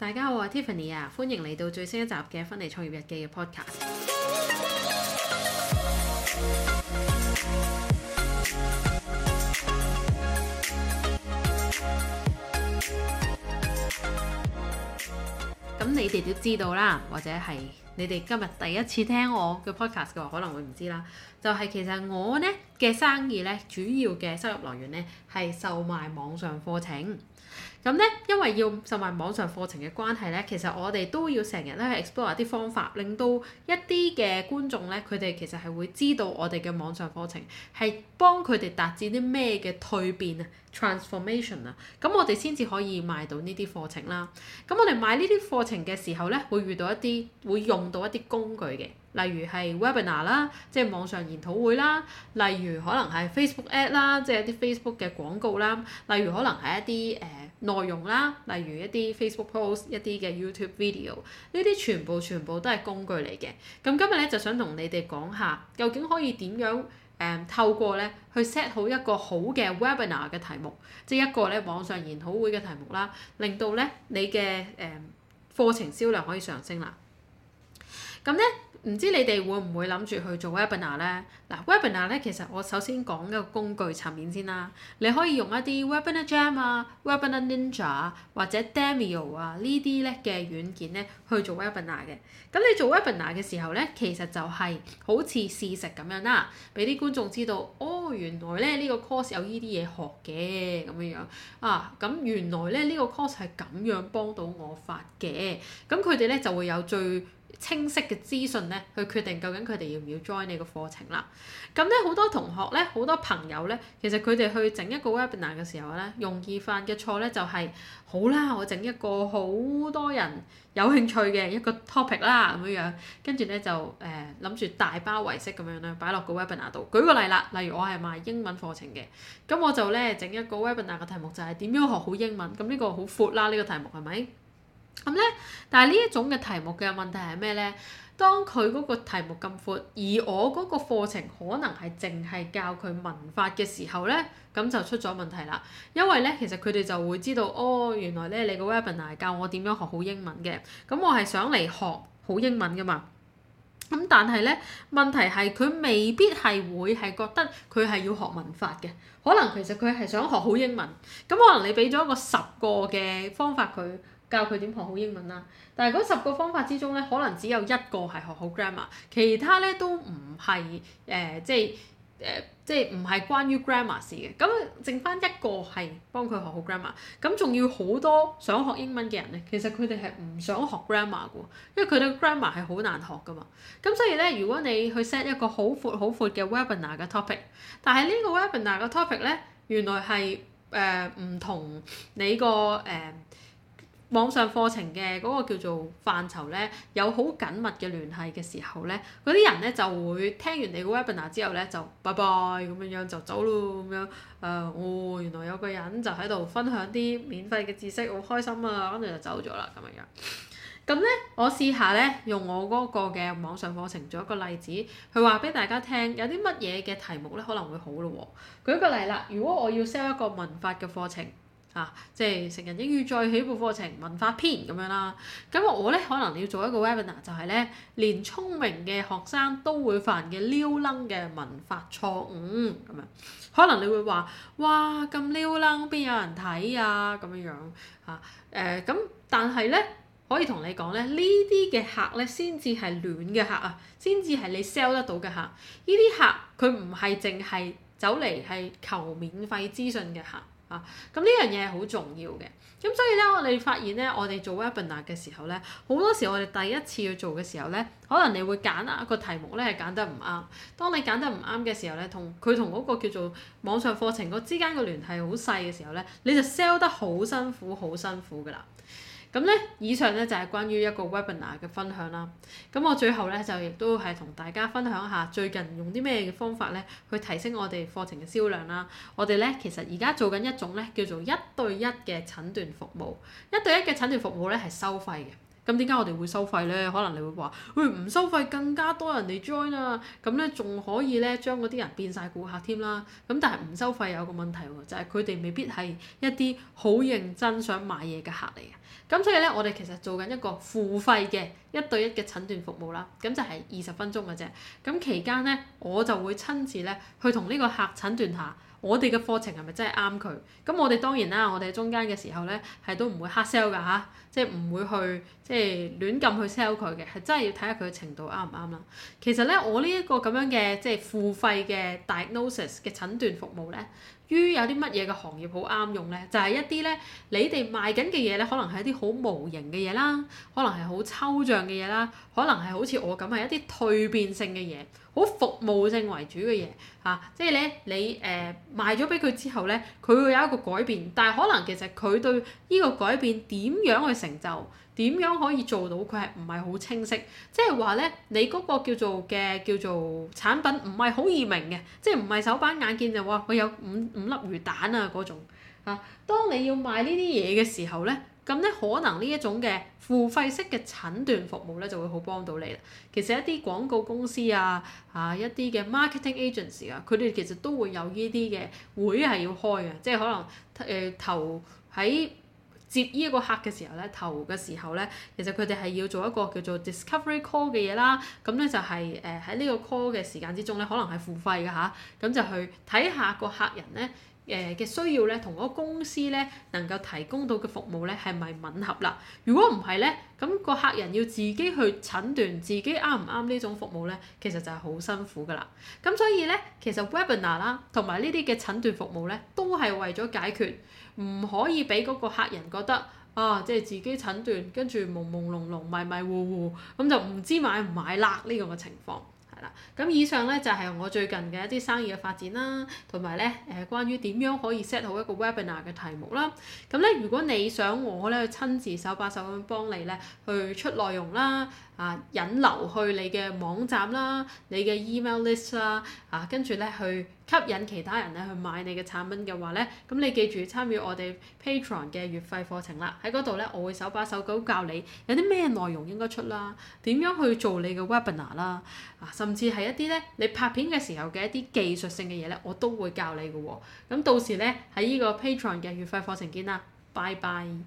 大家好，我係 Tiffany 啊，歡迎嚟到最新一集嘅《芬尼創業日記》嘅 Podcast。咁 你哋都知道啦，或者係你哋今日第一次聽我嘅 Podcast 嘅話，可能會唔知啦。就係其實我呢嘅生意呢，主要嘅收入來源呢係售賣網上課程。咁咧，因為要售賣網上課程嘅關係咧，其實我哋都要成日都去 explore 啲方法，令到一啲嘅觀眾咧，佢哋其實係會知道我哋嘅網上課程係幫佢哋達至啲咩嘅蛻變啊！Transformation 啊，咁我哋先至可以賣到呢啲課程啦。咁我哋賣呢啲課程嘅時候咧，會遇到一啲會用到一啲工具嘅，例如係 Webinar 啦，即係網上研討會啦，例如可能係 Facebook ad 啦，即係一啲 Facebook 嘅廣告啦，例如可能係一啲誒內容啦，例如一啲 Facebook post，一啲嘅 YouTube video，呢啲全部全部都係工具嚟嘅。咁今日咧就想同你哋講下，究竟可以點樣？誒、嗯、透過咧去 set 好一個好嘅 webinar 嘅題目，即係一個咧網上研討會嘅題目啦，令到咧你嘅誒、嗯、課程銷量可以上升啦。咁咧，唔知你哋會唔會諗住去做 webinar 咧？嗱、呃、webinar 咧，其實我首先講一個工具層面先啦。你可以用一啲 webinar jam 啊、webinar ninja 或者 demio 啊呢啲咧嘅軟件咧去做 webinar 嘅。咁、嗯、你做 webinar 嘅時候咧，其實就係好似試食咁樣啦、啊，俾啲觀眾知道，哦，原來咧呢、呢個 course 有呢啲嘢學嘅咁樣樣啊。咁、嗯、原來咧呢、呢個 course 係咁樣幫到我發嘅。咁佢哋咧就會有最清晰嘅資訊咧，去決定究竟佢哋要唔要 join 你個課程啦。咁咧好多同學咧，好多朋友咧，其實佢哋去整一個 webinar 嘅時候咧，容易犯嘅錯咧就係、是，好啦，我整一個好多人有興趣嘅一個 topic 啦，咁樣樣，跟住咧就誒諗住大包圍式咁樣咧，擺落個 webinar 度。舉個例啦，例如我係賣英文課程嘅，咁我就咧整一個 webinar 嘅題目就係、是、點樣學好英文，咁呢個好闊啦，呢、這個題目係咪？咁咧、嗯，但係呢一種嘅題目嘅問題係咩咧？當佢嗰個題目咁闊，而我嗰個課程可能係淨係教佢文法嘅時候咧，咁就出咗問題啦。因為咧，其實佢哋就會知道，哦，原來咧你個 Webinar 係教我點樣學好英文嘅。咁我係想嚟學好英文㗎嘛。咁、嗯、但係咧，問題係佢未必係會係覺得佢係要學文法嘅。可能其實佢係想學好英文。咁可能你俾咗一個十個嘅方法佢。教佢點學好英文啦，但係嗰十個方法之中咧，可能只有一個係學好 grammar，其他咧都唔係誒，即係誒、呃，即係唔係關於 grammar 事嘅。咁、嗯、剩翻一個係幫佢學好 grammar，咁仲要好多想學英文嘅人咧，其實佢哋係唔想學 grammar 喎，因為佢哋個 grammar 係好難學噶嘛。咁、嗯、所以咧，如果你去 set 一個好闊好闊嘅 webinar 嘅 topic，但係呢個 webinar 嘅 topic 咧，原來係誒唔同你個誒。呃網上課程嘅嗰個叫做範疇咧，有好緊密嘅聯繫嘅時候咧，嗰啲人咧就會聽完你個 Webinar 之後咧，就拜拜咁樣樣就走咯咁樣。誒、呃，我、哦、原來有個人就喺度分享啲免費嘅知識，好開心啊，跟住就走咗啦咁樣。咁咧，我試下咧用我嗰個嘅網上課程做一個例子，去話俾大家聽，有啲乜嘢嘅題目咧可能會好咯喎、哦。舉個例啦，如果我要 sell 一個文法嘅課程。啊，即係成人英語再起步課程文法篇咁樣啦。咁、啊、我咧可能要做一個 webinar，就係、是、咧連聰明嘅學生都會犯嘅撩楞嘅文法錯誤咁樣。可能你會話：哇，咁撩楞邊有人睇啊？咁樣樣嚇誒。咁但係咧可以同你講咧，呢啲嘅客咧先至係暖嘅客啊，先至係你 sell 得到嘅客。呢啲客佢唔係淨係走嚟係求免費諮詢嘅客。啊，咁呢樣嘢係好重要嘅，咁、嗯、所以咧，我哋發現咧，我哋做 webinar 嘅時候咧，好多時我哋第一次去做嘅時候咧，可能你會揀一個題目咧係揀得唔啱。當你揀得唔啱嘅時候咧，同佢同嗰個叫做網上課程個之間個聯繫好細嘅時候咧，你就 sell 得好辛苦，好辛苦噶啦。咁咧，以上咧就係關於一個 Webinar 嘅分享啦。咁我最後咧就亦都係同大家分享下最近用啲咩方法咧去提升我哋課程嘅銷量啦。我哋咧其實而家做緊一種咧叫做一對一嘅診斷服務，一對一嘅診斷服務咧係收費嘅。咁點解我哋會收費咧？可能你會話，喂，唔收費更加多人嚟 join 啊！咁咧仲可以咧將嗰啲人變晒顧客添啦。咁但係唔收費有個問題喎，啊，就係佢哋未必係一啲好認真想買嘢嘅客嚟嘅。咁所以咧，我哋其實做緊一個付費嘅一對一嘅診斷服務啦。咁就係二十分鐘嘅啫。咁期間咧，我就會親自咧去同呢個客診斷下。我哋嘅課程係咪真係啱佢？咁我哋當然啦，我哋中間嘅時候咧，係都唔會 hard sell 噶嚇，即係唔會去即係亂撳去 sell 佢嘅，係真係要睇下佢嘅程度啱唔啱啦。其實咧，我呢一個咁樣嘅即係付費嘅 diagnosis 嘅診斷服務咧，於有啲乜嘢嘅行業好啱用咧，就係、係、一啲咧你哋賣緊嘅嘢咧，可能係一啲好無形嘅嘢啦，可能係好抽象嘅嘢啦，可能係好似我咁係一啲蛻變性嘅嘢。好服務性為主嘅嘢嚇，即係咧你誒、呃、賣咗俾佢之後咧，佢會有一個改變，但係可能其實佢對呢個改變點樣去成就，點樣可以做到，佢係唔係好清晰？即係話咧，你嗰個叫做嘅叫做產品唔係好易明嘅，即係唔係手板眼見就哇，我有五五粒魚蛋啊嗰種嚇、啊。當你要賣呢啲嘢嘅時候咧。咁咧可能呢一種嘅付費式嘅診斷服務咧就會好幫到你啦。其實一啲廣告公司啊，啊一啲嘅 marketing agency 啊，佢哋其實都會有呢啲嘅會係要開嘅，即係可能誒頭喺接呢一個客嘅時候咧，頭嘅時候咧，其實佢哋係要做一個叫做 discovery call 嘅嘢啦。咁咧就係誒喺呢個 call 嘅時間之中咧，可能係付費㗎吓。咁就去睇下個客人咧。誒嘅，呃，需要咧，同嗰個公司咧能夠提供到嘅服務咧，係咪吻合啦？如果唔係咧，咁，嗰個客人要自己去診斷自己啱唔啱呢種服務咧，其實就係好辛苦噶啦。咁所以咧，其實 webinar 啦，同埋呢啲嘅診斷服務咧，都係為咗解決唔可以俾嗰個客人覺得啊，即係自己診斷跟住朦朦朧朧，迷迷糊糊，咁就唔知買唔買啦呢個嘅情況。啦，咁以上咧就係我最近嘅一啲生意嘅發展啦，同埋咧誒關於點樣可以 set 好一個 webinar 嘅題目啦。咁咧，如果你想我咧去親自手把手咁幫你咧去出內容啦，啊引流去你嘅網站啦，你嘅 email list 啦，啊跟住咧去，吸引其他人咧去買你嘅產品嘅話咧，咁你記住參與我哋 Patreon 嘅月費課程啦，喺嗰度咧，我會手把手咁教你有啲咩內容應該出啦，點樣去做你嘅 Webinar 啦，啊，甚至係一啲咧你拍片嘅時候嘅一啲技術性嘅嘢咧，我都會教你㗎喎。咁到時咧喺呢個 Patreon 嘅月費課程見啦，拜拜。